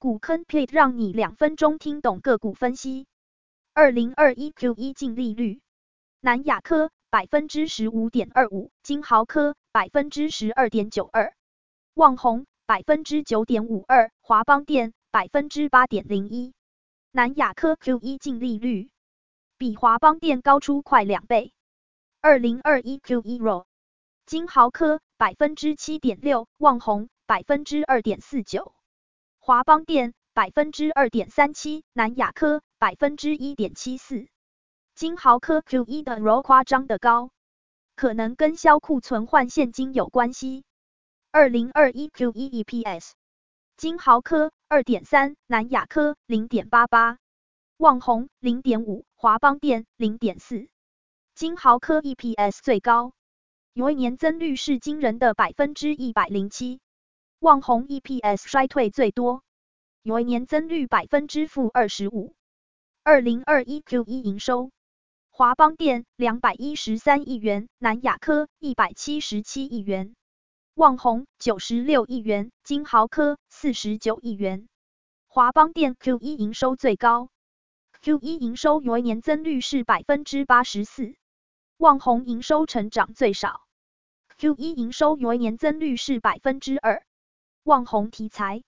股坑 plate 讓你兩分鐘聽懂個股分析。二零二一 Q 一淨利率，南亞科百分之十五點二五，晶豪科百分之十二點九二，旺宏百分之九點五二，華邦電百分之八點零一。南亞科 Q 一淨利率比華邦電高出快兩倍。二零二一 Q 一 RO，晶豪科百分之七點六，旺宏百分之二點四九。華邦電百分之二點三七，南亞科百分之一點七四，晶豪科 Q1 的 ROA 誇張的高，可能跟銷庫存換現金有關係。二零二一 Q1 EPS，晶豪科二點三，南亞科零點八八，旺宏零點五，華邦電零點四，晶豪科 EPS 最高，因為年增率是驚人的百分之一百零七。旺宏 EPS 衰退最多，為年增率百分之負二十五。二零二一 Q 一營收，華邦電兩百一十三億元，南亞科一百七十七億元，旺宏九十六億元，晶豪科四十九億元。華邦電 Q 一營收最高，Q 一營收為年增率是百分之八十四。旺宏營收成長最少，Q 一營收為年增率是百分之二。旺宏題材，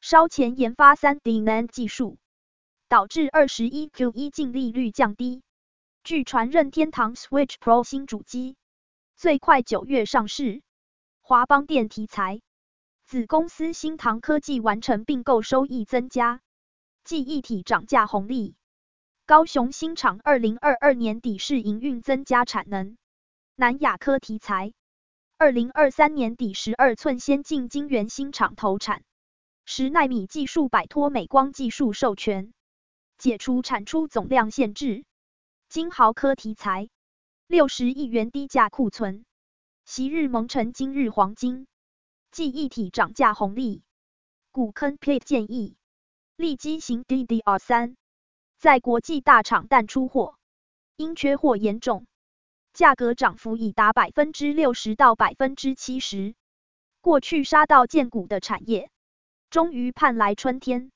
燒錢研發 3D NAND 技術，導致 21Q1 淨利率降低。據傳任天堂 Switch Pro 新主機最快九月上市。華邦電題材，子公司新唐科技完成併購，收益增加，記憶體漲價紅利。高雄新廠2022年底試營運，增加產能。南亞科題材。二零二三年底，十二寸先進晶圓新廠投產，十奈米技術擺脫美光技術授權，解除產出總量限制。晶豪科題材，六十億元低價庫存，昔日蒙塵今日黃金，記憶體漲價紅利。股坑 plate 建議，利基型 DDR 三，在國際大廠淡出貨，因缺貨嚴重。價格漲幅已達百分之六十到百分之七十，過去殺到見骨的產業，終於盼來春天。